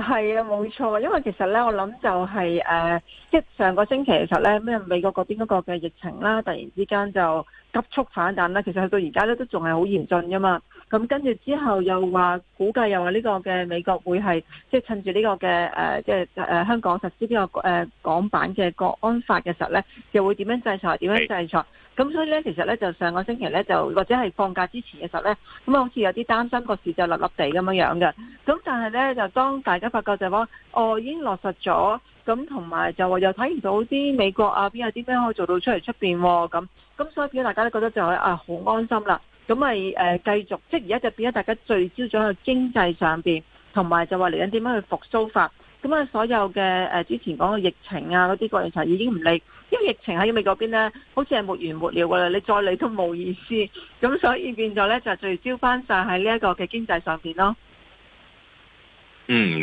係啊，冇錯啊，因為其實呢，我諗就係、是、誒、呃，即上個星期其實呢，咩美國嗰邊嗰個嘅疫情啦，突然之間就急速反彈啦，其實去到而家呢，都仲係好嚴峻噶嘛。咁跟住之後又話估計，又話呢個嘅美國會係即係趁住呢個嘅即係香港實施呢個誒、呃、港版嘅國安法嘅時候咧，又會點樣制裁？點樣制裁？咁所以咧，其實咧就上個星期咧，就或者係放假之前嘅時候咧，咁啊好似有啲擔心個市就立立地咁樣樣嘅。咁但係咧，就當大家發覺就話，哦，已經落實咗，咁同埋就話又睇唔到啲美國啊，邊有啲咩可以做到出嚟出面喎、啊？咁咁所以表大家都覺得就係啊，好安心啦。咁咪誒繼續，即係而家就變咗大家聚焦咗喺經濟上面，同埋就話嚟緊點樣去復甦法。咁啊，所有嘅之前講嘅疫情啊嗰啲，其實已經唔理，因為疫情喺美國嗰邊咧，好似係沒完沒了㗎喇，你再理都冇意思。咁所以變咗咧，就聚焦翻晒喺呢一個嘅經濟上面咯。嗯。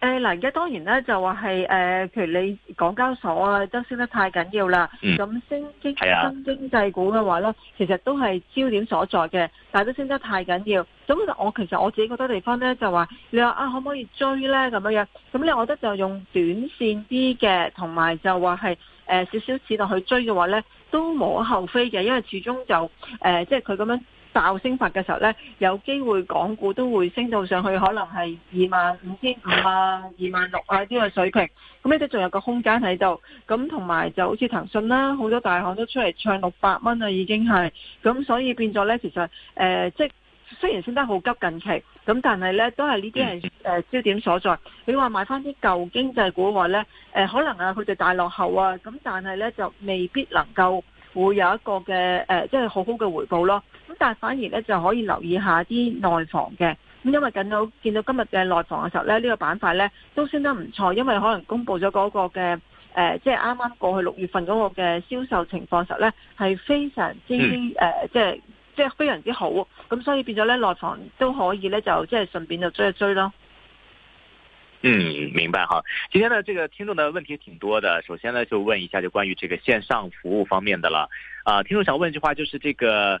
誒，嗱，而家當然咧就話係，誒，譬如你港交所啊，都升得太緊要啦。咁、嗯、升經新經濟股嘅話咧，其實都係焦點所在嘅，但係都升得太緊要。咁我其實我自己覺得地方咧就話，你話啊，可唔可以追咧咁樣樣？咁咧，我覺得就用短線啲嘅，同埋就話係誒少少市落去追嘅話咧，都無可厚非嘅，因為始終就誒、呃，即係佢咁樣。爆升法嘅時候呢，有機會港股都會升到上去，可能係二萬五千五啊、二萬六啊啲嘅水平。咁呢啲仲有個空間喺度。咁同埋就好似騰訊啦，好多大行都出嚟唱六百蚊啊，已經係咁，所以變咗呢，其實誒、呃、即係雖然升得好急近期，咁但係呢都係呢啲係誒焦點所在。你話買返啲舊經濟股話呢，誒、呃，可能啊佢哋大落後啊，咁但係呢就未必能夠會有一個嘅誒、呃，即係好好嘅回報咯。咁但係反而咧就可以留意下啲內房嘅，咁因為近到見到今日嘅內房嘅時候咧，呢、這個板塊咧都升得唔錯，因為可能公布咗嗰、那個嘅誒，即係啱啱過去六月份嗰個嘅銷售情況時候咧係非常之誒，即係即係非常之好，咁所以變咗咧內房都可以咧就即係順便就追一追咯。嗯，明白哈。今天呢，這個聽眾的問題挺多的，首先呢就問一下就關於這個線上服務方面的啦。啊、呃，聽眾想問一句話，就是這個。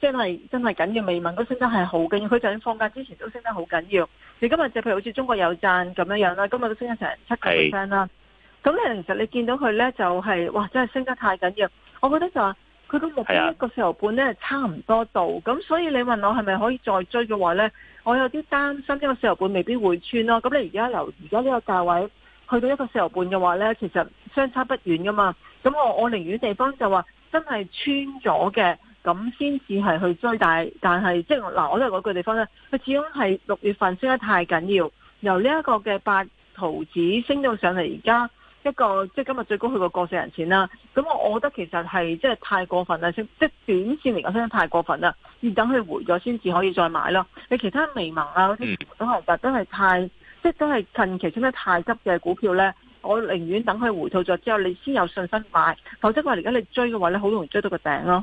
真係真係緊要未？問都升得係好緊要，佢就算放假之前都升得好緊要。你今日就譬如好似中國有贊咁樣樣啦，今日都升咗成七個 percent 啦。咁是的 你其實你見到佢呢、就是，就係哇，真係升得太緊要。我覺得就話佢個目標一個四油半呢差唔多到，咁是的 所以你問我係咪可以再追嘅話呢？我有啲擔心，呢個四油半未必會穿咯。咁你而家留，而家呢個價位去到一個四油半嘅話呢，其實相差不遠噶嘛。咁我我寧願地方就話真係穿咗嘅。咁先至係去追，大，但係即係嗱，我都係嗰個地方咧。佢始終係六月份升得太緊要，由呢一個嘅八毫紙升到上嚟，而家一個即係今日最高去個過四人錢啦。咁我覺得其實係即係太過分啦，即短線嚟講，升得太過分啦。要等佢回咗先至可以再買咯。你其他微盟啊嗰啲都係噶，都係太即係都係近期升得太急嘅股票咧。我寧願等佢回吐咗之後，你先有信心買，否則話而家你追嘅話咧，好容易追到個頂咯。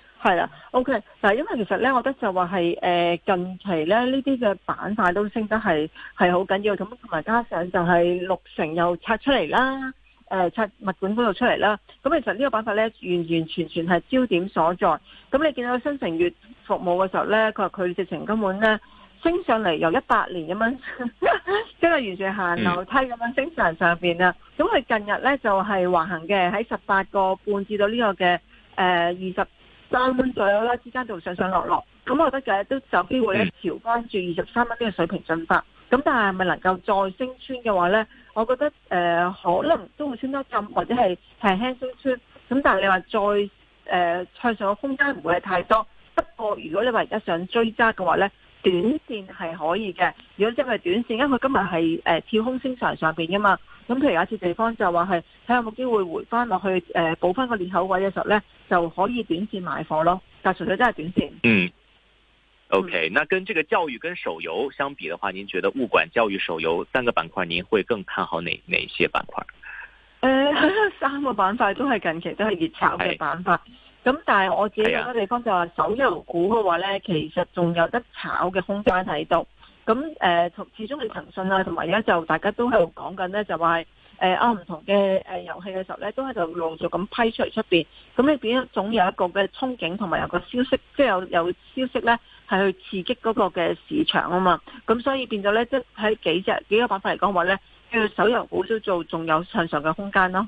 係啦，OK，嗱，因為其實咧，我覺得就話係誒近期咧，呢啲嘅板塊都升得係係好緊要，咁同埋加上就係六成又拆出嚟啦，呃，拆物管嗰度出嚟啦，咁其實呢個板塊咧，完完全全係焦點所在。咁你見到新城月服務嘅時候咧，佢話佢直情根本咧升上嚟由一八年咁樣，即 係完全行樓梯咁樣升上上邊啦。咁佢、嗯、近日咧就係、是、橫行嘅，喺十八個半至到呢個嘅誒二十，呃三蚊左右啦，之間就上上落落，咁我覺得嘅都有機會咧調翻住二十三蚊呢個水平進發，咁但係咪能夠再升穿嘅話咧，我覺得誒、嗯呃、可能都會升得咁，或者係輕鬆升穿，咁、嗯、但係你話再誒向、呃、上嘅空間唔會係太多，不過如果你話而家想追揸嘅話咧，短綫係可以嘅，如果真係短綫，因為佢今日係誒跳空升場上邊噶嘛。咁譬如有一次地方就話係睇有冇機會回翻落去誒補翻個裂口位嘅時候咧，就可以短線買貨咯。但純粹真係短線。嗯。O、okay, K，那跟這個教育跟手遊相比的話，您覺得物管、教育、手遊三個板塊，您會更看好哪哪些板塊？誒、呃，三個板塊都係近期都係熱炒嘅板塊。咁是但係我自己講得個地方就說、哎、呀話，手遊股嘅話咧，其實仲有得炒嘅空間喺度。咁誒同始終係騰訊啊，同埋而家就大家都喺度講緊咧，就話誒啱唔同嘅誒遊戲嘅時候咧，都喺度陸續咁批出嚟出面。咁你變總有一個嘅憧憬同埋有個消息，即係有有消息咧，係去刺激嗰個嘅市場啊嘛。咁所以變咗咧，即係喺幾隻幾個板塊嚟講話咧，要手遊股都做，仲有向上嘅空間咯。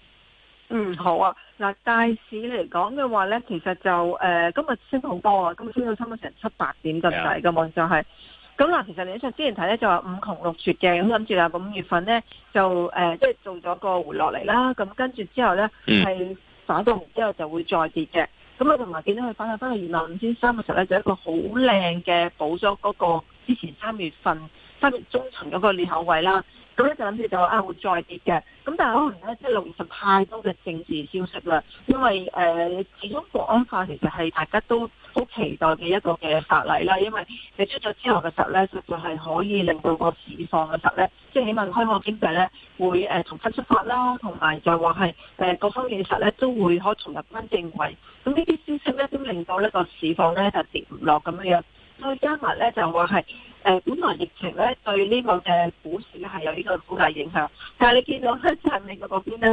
嗯，好啊。嗱，大市嚟講嘅話咧，其實就誒今日升咗好多啊，今日升咗差唔多成七八點咁滯㗎嘛，Yeah. 就係、是。咁嗱，其實李生之前睇咧就話五窮六絕嘅，咁諗住啦，咁五月份咧就誒即係做咗個回落嚟啦。咁跟住之後咧係反到咗，mm. 之後就會再跌嘅。咁啊，同埋見到佢反彈翻去二萬五千三嘅時候咧，就一個好靚嘅補咗嗰個之前三月份三月中旬嗰個裂口位啦。咁咧就諗住就啊會再跌嘅，咁但係可能咧即係六月份太多嘅政治消息啦，因為誒、呃、始終國安法其實係大家都好期待嘅一個嘅法例啦，因為你出咗之後嘅實咧實在係可以令到個市況嘅實咧，即係起碼開放經濟咧會誒重新出發啦，同埋就話係誒各方面實咧都會可重入返正軌，咁呢啲消息咧都令到呢個市況咧就跌唔落咁樣。再加埋呢，就話係誒，本來疫情呢，對呢個嘅股市係有呢個好大影響，但係你見到咧，亞、啊、美利加嗰邊呢，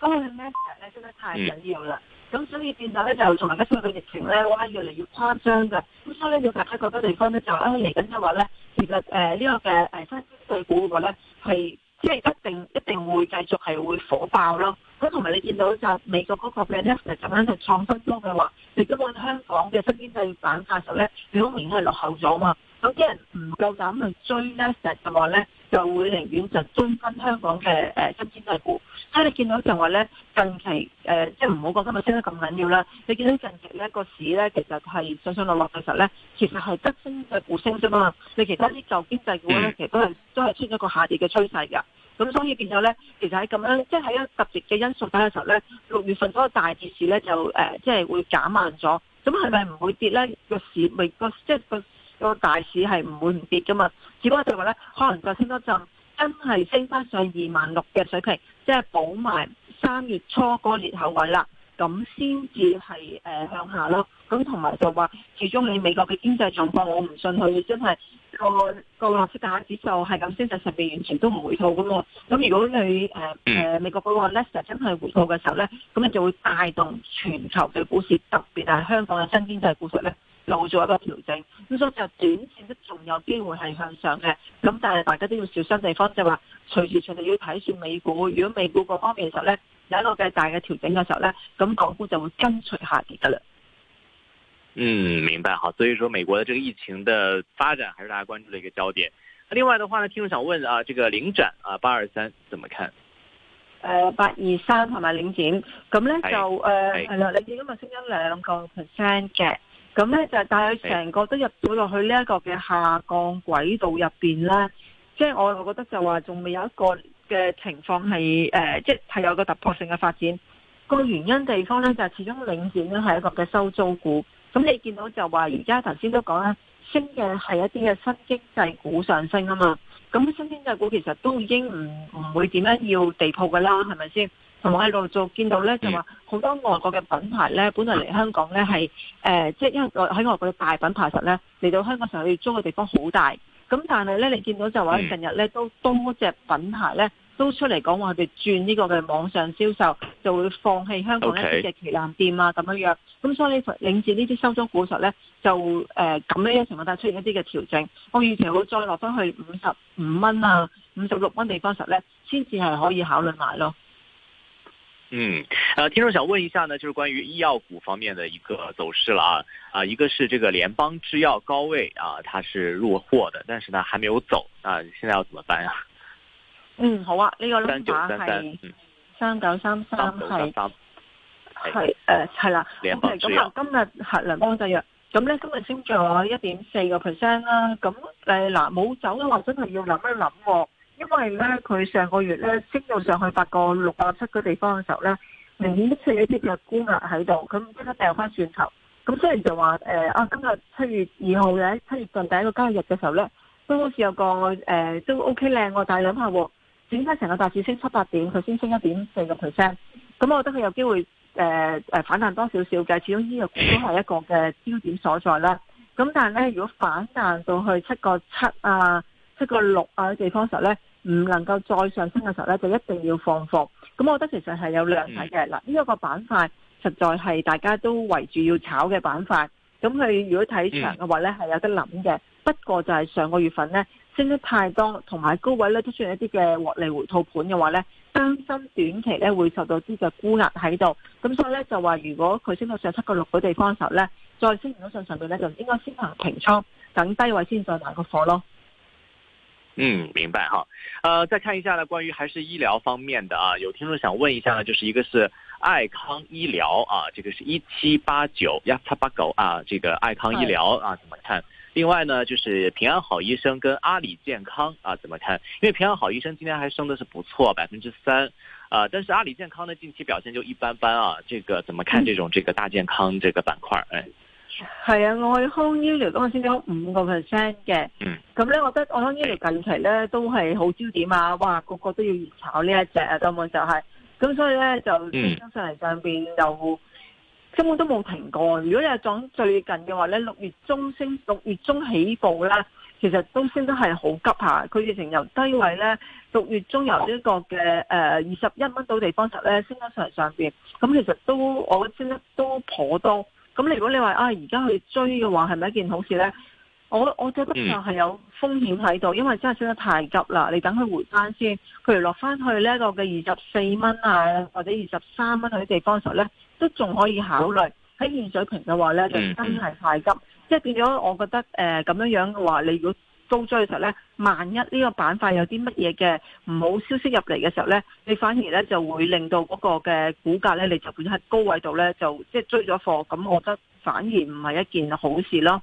嗰、那個嘅 market 咧真係太緊要啦。咁所以變咗呢，就同埋加上個疫情咧，哇，越嚟越誇張㗎。咁所以呢，要大家覺得地方呢，就啱嚟緊嘅話呢，其實誒呢、呃這個嘅誒新興對股嘅話咧係。即係一定一定會繼續係會火爆咯。咁同埋你見到就美國嗰個嘅納斯達克就創新高嘅話，你根本香港嘅新經濟板塊嘅時候咧，表面係落後咗啊嘛。有啲人唔夠膽去追納斯達克嘅話咧，就會寧願就追跟香港嘅誒、呃、新經濟股。即係你見到就話咧，近期誒、呃、即係唔好講今日升得咁緊要啦，你見到近期咧個市咧其實係上上落落嘅時候咧，其實係得新經濟股升啫嘛。你其他啲舊經濟股咧，其實都係都係出咗個下跌嘅趨勢㗎。咁所以變咗咧，其實喺咁樣即係喺一特別嘅因素底嘅時候咧，六月份嗰個大跌市咧就、呃、即係會減慢咗。咁係咪唔會跌咧？個市咪個即係個大市係唔會唔跌㗎嘛？只不過就話咧，可能就升多陣，真係升翻上二萬六嘅水平，即係補埋三月初嗰個裂口位啦。咁先至係向下咯，咁同埋就話，始終你美國嘅經濟狀況，我唔信佢真係個個納斯達克指數係咁升上上面，完全都唔回吐㗎嘛。咁如果你誒、呃呃、美國嗰個納斯達真係回吐嘅時候咧，咁你就會帶動全球嘅股市，特別係香港嘅新經濟股市咧，攞咗一個調整。咁所以就短線都仲有機會係向上嘅，咁但係大家都要小心地方，就話隨時隨地要睇住美股。如果美股各方面嘅時候咧，喺一個嘅大嘅調整嘅時候咧，咁港股就會跟隨下跌得嘞。嗯，明白。好，所以說，美國嘅這個疫情嘅發展，還是大家關注嘅一個焦點。另外的話呢，聽眾想問啊，這個領展啊，八二三怎麼看？誒、呃，八二三係咪領展？咁咧 Hey. 就誒係啦，你見今日升咗兩個 percent 嘅，咁咧就帶佢成個都入咗落去呢一個嘅下降軌道入邊啦。Hey. 即係我，我覺得就話仲未有一個。嘅情況係誒，即係有個突破性嘅發展。個原因地方咧就係、是，始終領展咧係一個嘅收租股。咁你見到就話，而家頭先都講啦，升嘅係一啲嘅新經濟股上升啊嘛。咁新經濟股其實都已經唔唔會點樣要地鋪㗎啦，係咪先？同埋喺度就見到咧，就話好多外國嘅品牌咧，本來嚟香港咧係誒，即係、呃就是，一個喺外國嘅大品牌實咧，嚟到香港時候，要租嘅地方好大。咁但係咧，你見到就話近日咧都多隻品牌咧。都出嚟講話佢哋轉呢個嘅網上銷售，就會放棄香港一啲嘅旗艦店啊咁樣 Okay. 樣。咁所以呢領住呢啲收租股實咧，就誒咁樣嘅情況下出現一啲嘅調整。我預期會再落翻去五十五蚊啊，五十六蚊地方實咧，先至係可以考慮買咯。嗯，啊、呃，聽眾想問一下呢，就是關於醫藥股方面的一個走勢啦啊，啊、呃，一個是這個聯邦製藥高位啊、呃，它是落貨的，但是呢還沒有走，啊、呃，現在要怎麼辦呀、啊？嗯，好啊，這個、呢，啊是想想啊呢個 number 係三九三三四，係誒係啦。咁、呃、啊，今日係聯邦製藥，咁咧今日升咗一點四個 percent 啦。咁誒嗱，冇走嘅話真係要諗一諗，因為咧佢上個月咧升到上去八個六八七嘅地方嘅時候咧，明顯都串一啲日冠啊喺度，佢唔知得掉翻轉頭。咁所以就話誒啊，今日七月二號嘅七月份第一個交易日嘅時候咧，都好似有個誒、呃、都 ok 靚喎，但係諗下。點解成個大市升七八點，佢先升一點四個 percent，咁我覺得佢有機會誒、呃、反彈多少少嘅，始終呢個股都係一個嘅焦點所在啦。咁但係咧，如果反彈到去七個七啊、七個六啊嘅地方時候咧，唔能夠再上升嘅時候咧，就一定要放貨。咁我覺得其實係有兩睇嘅。嗱，呢、這、一個板塊實在係大家都圍住要炒嘅板塊，咁佢如果睇長嘅話咧，係有得諗嘅。不過就係上個月份咧升得太多，同埋高位咧都出現一啲嘅獲利回吐盤嘅話咧，擔心短期咧會受到啲嘅沽壓喺度，咁所以咧就話如果佢升到上七個六嘅地方時候咧，再升唔到上上面咧就應該先行平倉，等低位先再買個貨咯。嗯，明白哈。呃，再看一下咧，關於還是醫療方面的啊，有聽眾想問一下呢，就是一個是愛康醫療啊，這個是一七八九一七八九啊，這個愛康醫療啊，是的。怎麼看？另外呢，就是，平安好醫生跟阿里健康啊，怎麼看？因為平安好醫生今天還升得是不錯，百分之三，啊，但是阿里健康呢近期，表現就一般般啊，這個怎麼看，嗯，這種這個大健康這個板塊？誒、嗯、係啊，愛康醫療今日先升五個 percent 嘅。咁咧，嗯嗯，那我覺得愛康醫療近期咧都係好焦點啊，哇，個個都要熱炒呢一隻啊，根本就係，是，咁所以咧就升上嚟上邊就。嗯根本都冇停過。如果你係講最近嘅話咧，六月中升，六月中起步咧，其實都升得係好急下。佢哋成由低位咧，六月中由呢、這個嘅誒二十一蚊到地方時咧，升得上上邊。咁其實都我升得都頗多。咁你如果你話啊，而、哎、家去追嘅話，係咪一件好事咧？我我覺得就係有風險喺度，因為真係升得太急啦。你等佢回翻先，佢落翻去呢個嘅二十四蚊啊，或者二十三蚊嗰啲地方時咧。都仲可以考慮。喺現水平嘅話呢，就真係太急，即係變咗。我覺得誒咁、呃、樣樣嘅話，你如果高追嘅時候呢，萬一呢個板塊有啲乜嘢嘅唔好消息入嚟嘅時候呢，你反而呢就會令到嗰個嘅股價呢，你就變咗喺高位度呢，就即係追咗貨，咁我覺得反而唔係一件好事咯。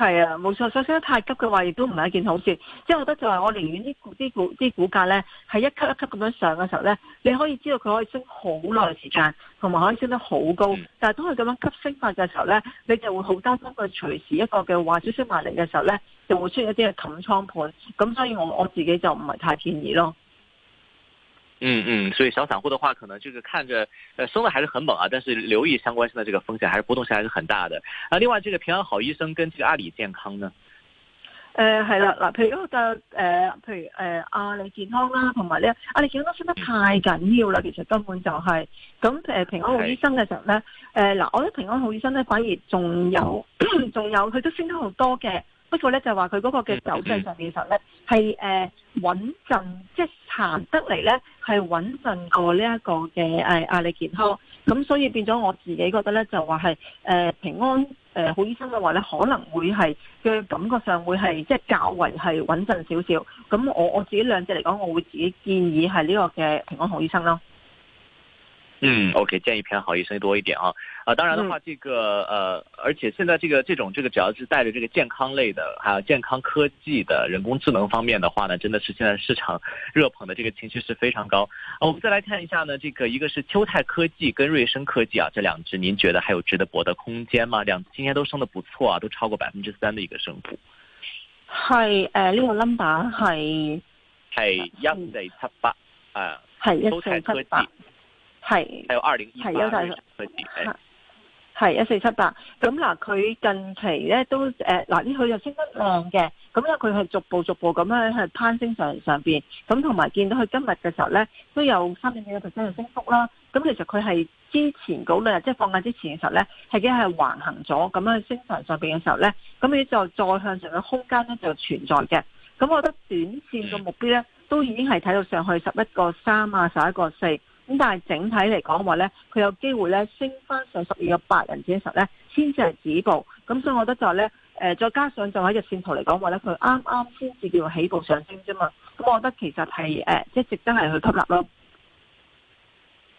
係啊，冇錯。上升得太急嘅話，亦都唔係一件好事。即係我覺得就係我寧願啲股、啲股、啲股價咧係一級一級咁樣上嘅時候咧，你可以知道佢可以升好耐時間，同埋可以升得好高。但係當佢咁樣急升法嘅時候咧，你就會好擔心佢隨時一個嘅話消升埋嚟嘅時候咧，就會出現一啲嘅冚倉盤。咁所以我我自己就唔係太建議咯。嗯嗯，所以小散戶的話可能就是看着，呃，升得還是很猛啊，但是留意相關性嘅這個風險，還是波動性還是很大的。啊，另外這個平安好醫生跟這個阿里健康呢？誒係啦，嗱，譬如個誒、呃，譬如誒阿里健康啦，同埋呢，阿、啊、里健康升得太緊要啦，其實根本就係、是，咁誒、呃、平安好醫生嘅時候咧，誒嗱的、呃，我覺得平安好醫生咧反而仲有仲有，佢 都升得好多嘅。 不過咧就話佢嗰個嘅走勢上面實咧係誒穩陣，即係行得嚟咧係穩陣過呢一個嘅誒阿里健康，咁所以變咗我自己覺得咧就話係誒平安誒、呃、好醫生嘅話咧可能會係嘅感覺上會係即係較為係穩陣少少，咁我我自己兩隻嚟講我會自己建議係呢個嘅平安好醫生咯。嗯，OK，建議偏好醫生多一點啊，啊，當然的話，這個、嗯、呃，而且現在這個這種這個，只要是帶着這個健康類的，還有健康科技的人工智能方面的話呢，真的是現在市場熱捧的這個情緒是非常高啊。我們再來看一下呢，這個一個是丘鈦科技跟瑞聲科技啊，這兩隻您覺得還有值得博的空間嗎？兩支今天都升得不錯啊，都超過百分之三的一個升幅。係，誒、呃，呢、這個 number 係係一四七八啊，丘鈦科技。係，還有二零係有，係一四七八咁嗱。佢近期咧都誒嗱，呢佢又升得量嘅。咁因佢係逐步逐步咁樣去攀升上上邊咁，同埋見到佢今日嘅時候咧都有三點幾個 percent 嘅升幅啦。咁其實佢係之前嗰兩日即係放假之前嘅時候咧係已經係橫行咗咁樣去升上上邊嘅時候咧，咁佢就再向上嘅空間咧就存在嘅。咁我覺得短綫嘅目標咧都已經係睇到上去十一個三啊，十一個四。咁但係整體嚟講話咧，佢有機會咧升翻上十二個百人子一十候咧，先至係止步。咁所以我覺得就係咧，誒，再加上就喺日線圖嚟講話咧，佢啱啱先至叫起步上升啫嘛。咁我覺得其實係誒，即係值得係去吸納咯。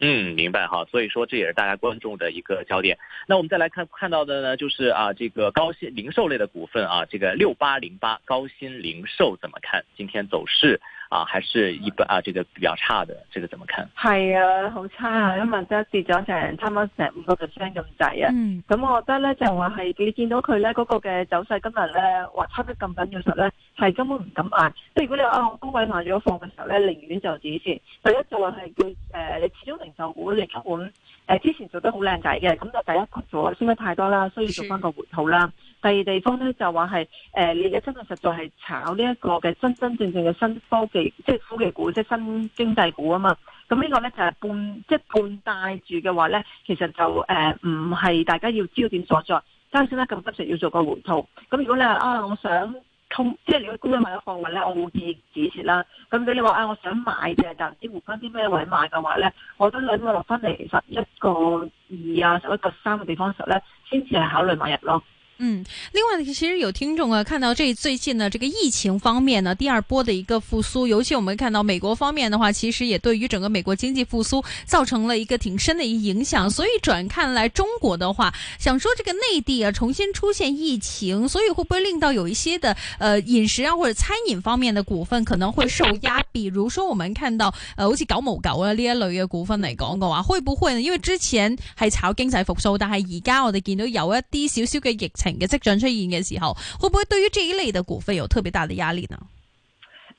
嗯，明白哈。所以說這也是大家關注的一個焦點。那我們再來看看到的呢，就是啊，這個高鑫零售類的股份啊，這個六八零八高鑫零售怎麼看？今天走勢？啊，還是一本啊，這個比較差的，這個怎麼看？係啊，好差啊，因為真係跌咗成，差唔多成五個 percent 咁滯啊！咁、嗯、我覺得咧，就話、是、係你見到佢咧嗰個嘅走勢今天呢，今日咧話差唔多咁緊要實咧，係根本唔敢賣。即係如果你話按高位賣咗貨嘅時候咧，寧願就止蝕。第一就話係叫誒，你、呃、始終零售股你一本誒之前做得好靚仔嘅，咁就第一做咗升得太多啦，所以做翻個回吐啦。第二地方咧就話係，誒、呃，你嘅真係實，實在係炒呢一個嘅真真正正嘅新科技，即係科技股，即係新經濟股啊嘛。咁呢個咧就係、是、半，即係半帶住嘅話咧，其實就誒唔係大家要焦點所在。加上咧咁急食要做個回吐。咁如果你話啊，我想通，即係你個高位買咗貨運咧，我會止蝕啦。咁如果你話啊，我想買嘅，但唔知回翻啲咩位買嘅話咧，我都諗我落翻嚟十一個二啊，十一個三個地方時候咧，先至係考慮買入咯。嗯，另外呢，其實有聽眾啊看到這最近呢這個疫情方面呢第二波的一個復蘇，尤其我們看到美國方面的話，其實也對於整個美國經濟復蘇造成了一個挺深的一影響。所以轉看來中國的話，想說這個內地啊重新出現疫情，所以會不會令到有一些的呃飲食啊或者餐飲方面的股份可能會受壓？比如說我們看到呃，好似九毛九啊呢一類的股份來講的話，會不會呢？因為之前係炒經濟復蘇，但係而家我哋見到有一啲少少嘅疫情。嘅跡象出現嘅時候，會唔會對於這一類的股份有特別大嘅壓力呢？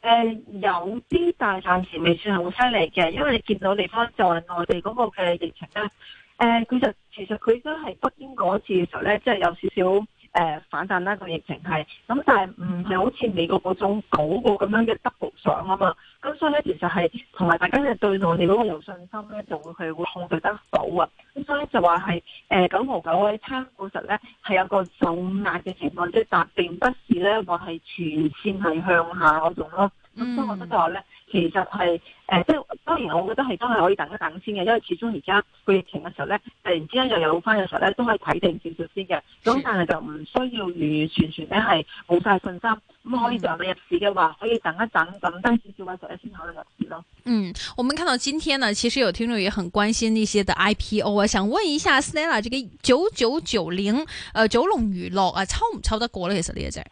誒、呃，有啲，但暫時未算係好犀利嘅，因為你見到地方就係內地嗰個嘅疫情咧，誒、呃，其實其實佢都係北京嗰次嘅時候咧，即係有少少。誒、呃、反彈啦、啊這個疫情係，咁但係唔係好似美國嗰種九個咁樣嘅 double 上啊嘛，咁所以呢，其實係同埋大家對內地嗰個有信心呢，就會去會控制得到啊，咁所以呢，就話係誒九毫九喺滲股實呢係有個重壓嘅情況，即係但並不是呢，話係全線係向下嗰種囉。咁所以我覺得就話咧。啊嗯其實係誒，即、呃、係當然，我覺得係真係可以等一等先嘅，因為始終而家佢疫情嘅時候咧，突然之間又有翻嘅時候咧，都係睇定少少先嘅。咁是但係就唔需要完完全全咧，係冇晒信心，咁可以就話入市嘅話，可以等一等，咁等少少嘅時候呢先考慮入市咯。嗯，我們看到今天呢，其實有聽眾也很關心呢些的 IPO 啊，想問一下 Stella，呢個九九九零，誒九龍娛樂啊，抽唔抽得過咧？其實呢一隻？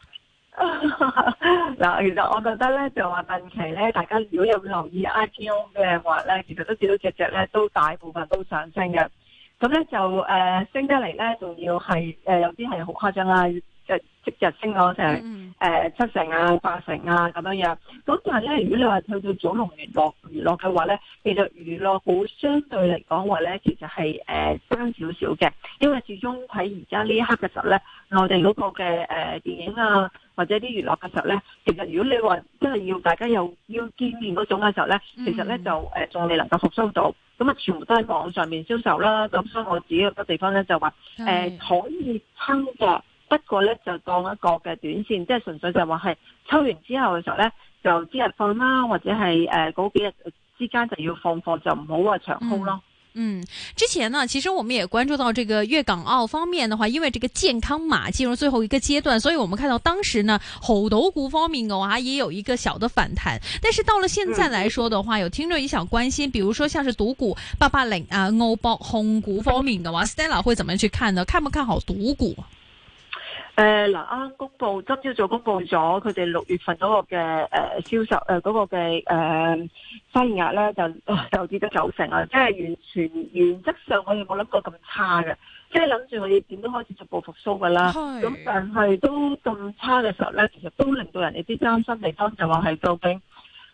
嗱， 其實我覺得咧，就話近期咧，大家如果有留意 IPO 嘅話咧，其實都見到隻隻咧，都大部分都上升嘅。咁咧就誒、呃，升得嚟咧，仲要係誒、呃，有啲係好誇張啦。即日升咗成誒七成啊，八成啊咁樣樣。咁但係咧，如果你娛樂娛樂話去到祖龍娛樂娛樂嘅話咧，其實娛樂好相對嚟講話咧，其實係誒升少少嘅。因為始終喺而家呢一刻嘅時候咧，內地嗰個嘅誒、呃、電影啊，或者啲娛樂嘅時候咧，其實如果你話真係要大家又要見面嗰種嘅時候咧，其實咧就誒仲未能夠復蘇到。咁啊，全部都喺網上面銷售啦。咁所以我自己好多地方咧就話誒的、呃、可以聽嘅。不過咧，就當一個嘅短線，即係純粹就話係抽完之後嘅時候咧，就即日放啦，或者係誒嗰幾日之間就要放貨就唔好話長空咯、嗯。嗯，之前呢，其實我們也關注到這個粵港澳方面的話，因為這個健康碼進入最後一個階段，所以我們看到當時呢，好賭股方面嘅話也有一個小的反彈。但是到了現在來說嘅話，嗯、有聽眾也想關心，比如說像是賭股八八零啊、澳博控股方面嘅話，Stella 會怎麼樣去看呢？看不看好賭股？誒，嗱啱，呃、公布，今朝早公布咗，佢哋六月份嗰、呃呃，嗰個嘅誒銷售誒嗰個嘅誒生意額咧，就、呃、就跌咗九成啊！即係完全原則上，我哋冇諗過咁差嘅，即係諗住我哋點都開始逐步復蘇噶啦。咁是但係都咁差嘅時候咧，其實都令到人哋啲擔心地方就話係究竟。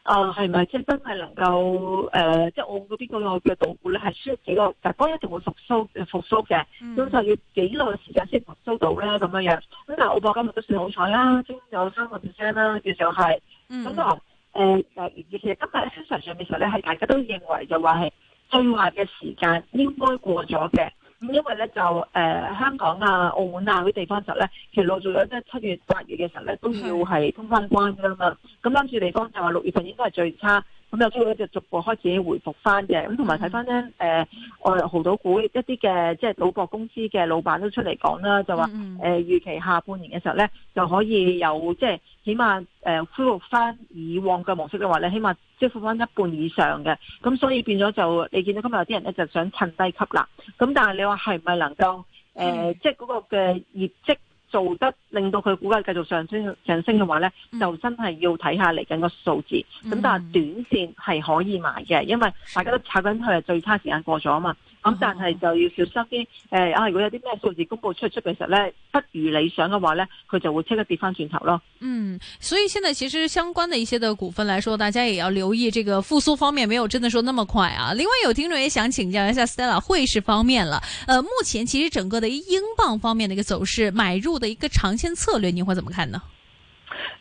啊，係咪即係真係能夠誒，即係、呃、我嗰邊嗰個嘅道股咧，係需要幾個但係一定會復甦誒復甦嘅，咁、嗯、就要幾耐時間先復甦到咧咁樣樣。咁、嗯、但係我今日都算好彩啦，升咗三個 percent 啦，叫做係咁啊。誒誒、嗯，其實、呃、今日實際上上面其實咧係大家都認為就話係最壞嘅時間應該過咗嘅。咁因為咧就、呃、香港啊、澳門啊嗰啲地方就咧，其實到咗即係七月、八月嘅時候咧，都要係通翻關噶喇嘛。咁當時地方就話六月份應該係最差。咁又所以就逐步開始回復翻嘅，咁同埋睇翻咧，誒、嗯呃，我豪、就是、賭股一啲嘅即係賭博公司嘅老闆都出嚟講啦，就話、嗯呃、預期下半年嘅時候咧，就可以有即係、就是、起碼誒恢、呃、復翻以往嘅模式嘅話咧，起碼即係復翻一半以上嘅，咁所以變咗就你見到今日有啲人咧就想趁低吸啦，咁但係你話係唔係能夠誒、呃、即係嗰個嘅業績？做得令到佢股價繼續上升上升嘅話咧，嗯、就真係要睇下嚟緊個數字。咁、嗯、但係短線係可以埋嘅，因為大家都炒緊佢係最差時間過咗啊嘛。咁、嗯、但係就要小心啲，誒，啊，如果有啲咩數字公布出出嘅時候呢，不如理想嘅話呢，佢就會即刻跌翻轉頭咯。嗯，所以現在其實相關的一些的股份來說，大家也要留意，這個復甦方面沒有真的說那麼快啊。另外有聽眾也想請教一下 Stella 匯市方面啦，呃，目前其實整個的英鎊方面的一個走勢，買入的一個長線策略，你會怎麼看呢？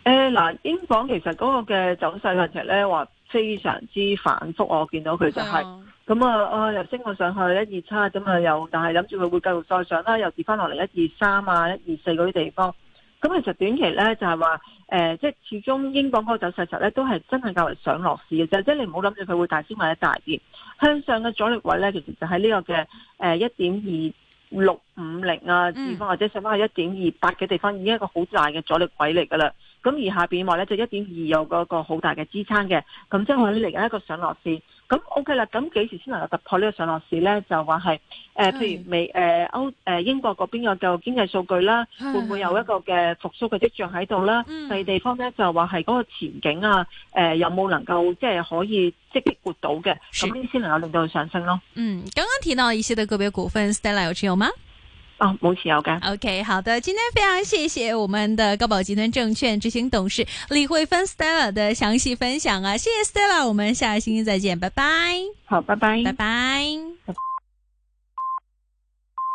誒，嗱，英鎊其實嗰個嘅走勢其實呢話非常之反覆，我見到佢就係、是。嗯是啊咁啊，啊又升過上去一二七咁嘛，又但係諗住佢會繼續再上啦，又跌翻落嚟一二三啊、一二四嗰啲地方。咁其實短期咧就係話，誒，即係始終英鎊嗰個走勢實咧都係真係較為上落市嘅啫，即係你唔好諗住佢會大升或者大跌。向上嘅阻力位咧，其實就喺呢個嘅誒一點二六五零啊地方，或者上翻去一點二八嘅地方，已經一個好大嘅阻力位嚟噶啦。咁而下邊話咧，就一點二有嗰個好大嘅支撐嘅，咁即係我哋嚟緊一個上落市。咁 OK 啦，咁幾時先能夠突破呢個上落市咧？就話係誒，譬如美誒歐誒英國嗰邊有就經濟數據啦，會唔會有一個嘅復甦嘅跡象喺度啦？第二地方咧就話係嗰個前景啊，誒有冇能夠即係可以積極活到嘅，咁先能夠令到佢上升咯。嗯，咁剛剛提到一些列嗰啲股份，stay l e 有持有嗎？啊，冇事。腰桿。OK，好的，今天非常謝謝我們的高寶集團證券執行董事李慧芬 Stella 的詳細分享啊，謝謝 Stella，我們下個星期再見，拜拜。好，拜拜，拜拜。拜拜拜拜。